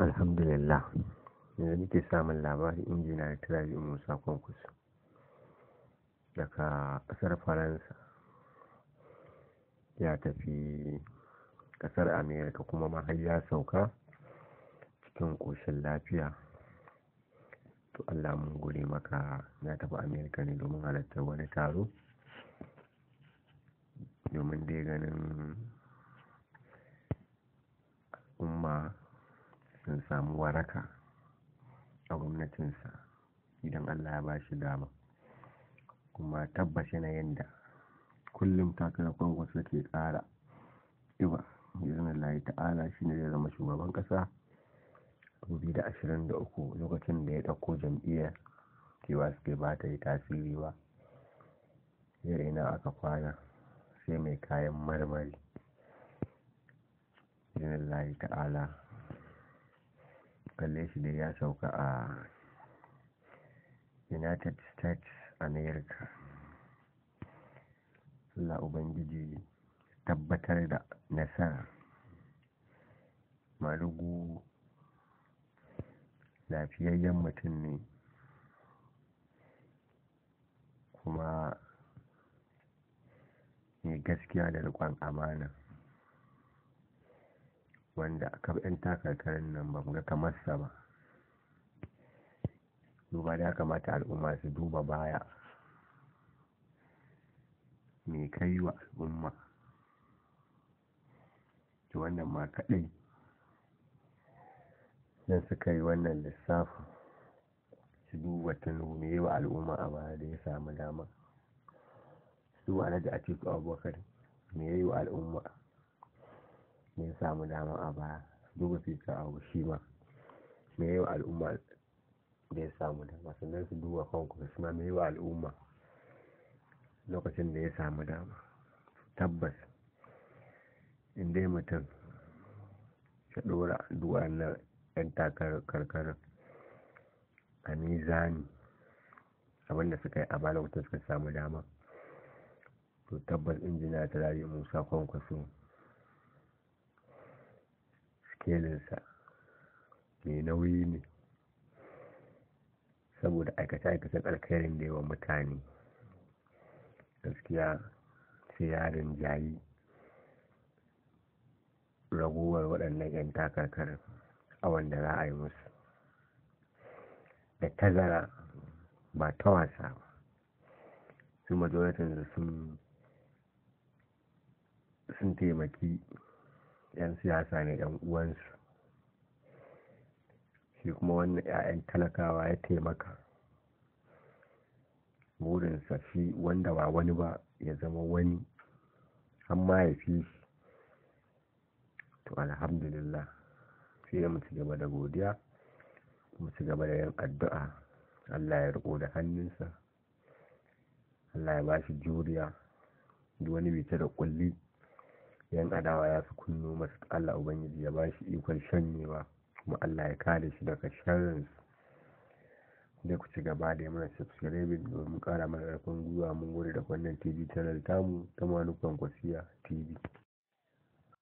alhamdulillah yanzu nake samun labarin injina da musa kwankus daga ƙasar faransa ya tafi ƙasar amerika kuma har ya sauka cikin ƙoshin lafiya to allah mun gode maka ya tafi amerika ne domin halartar wani taro domin dai ganin umma sun samu waraka a gwamnatinsa idan allah ya ba shi dama kuma tabbas na yadda kullum takarar kwangwaso ke ƙara ƙiba izinin layi ta'ala shi ne zai zama shugaban ƙasa 2023 lokacin da ya ɗauko jam'iyyar cewa suke ba ta yi tasiri ba yare na aka kwana sai mai kayan marmari izinin layi ta'ala kalle shi dai ya sauka a united states america allah ubangiji tabbatar da nasara marugu lafiyayyen mutum ne kuma mai gaskiya da rikon amana wanda a bi 'yan takarkarin nan ba ga kamar sa ba duba da kamata al'umma su duba baya me kai wa al'umma to wannan ma kaɗai don suka yi wannan lissafin su duba yi wa al'umma a baya da ya samu dama su duba na da a cikin abubakar me yi wa al'umma da samu dama a baya duba su ta abu shi ma me yi wa al'umma da ya samu dama sannan su duba kanku su ma me yi wa al'umma lokacin da ya samu dama tabbas in dai mutum ya ɗora duwa na 'yan takar karkarar a mizani abinda suka yi a bala wata suka samu dama to tabbas injina ta rari musa kwankwaso kelinsa mai nauyi ne saboda aikace-aikacen alkhairin da yi wa mutane gaskiya sai yarin jayi raguwar waɗannan 'yan takarkar a wanda za a yi musu da tazara ba ta wasa ba su majalatar da sun taimaki 'yan siyasa ne 'yan uwansu shi kuma wannan 'ya'yan talakawa ya taimaka burinsa shi wanda ba wani ba ya zama wani amma ya fi shi to alhamdulillah sai ya mutu gaba da godiya mutu gaba da yin addu'a allah ya riko da hannunsa allah ya ba shi juriya wani bita da kulli yan adawa ya fi kunno masu Allah Ubangiji ya ba shi ikon shanyewa kuma Allah ya kare shi daga su da ku ci gaba da mana subscribing domin kara mana ƙarfin gwiwa mun gode da wannan tv channel tamu ta manufan kwasiya tv